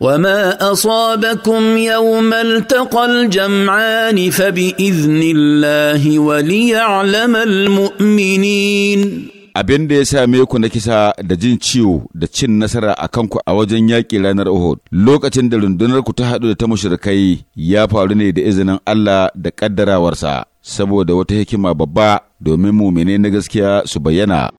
وما اصابكم يوم التقى الجمعان فباذن الله وليعلم المؤمنين abin da ya same ku na kisa da jin ciwo da cin nasara a kanku a wajen yaƙi ranar Uhud lokacin da rundunar ku ta haɗu da ta mushrikai ya faru ne da izinin Allah da ƙaddarawarsa saboda wata hikima babba domin mumine na gaskiya su bayyana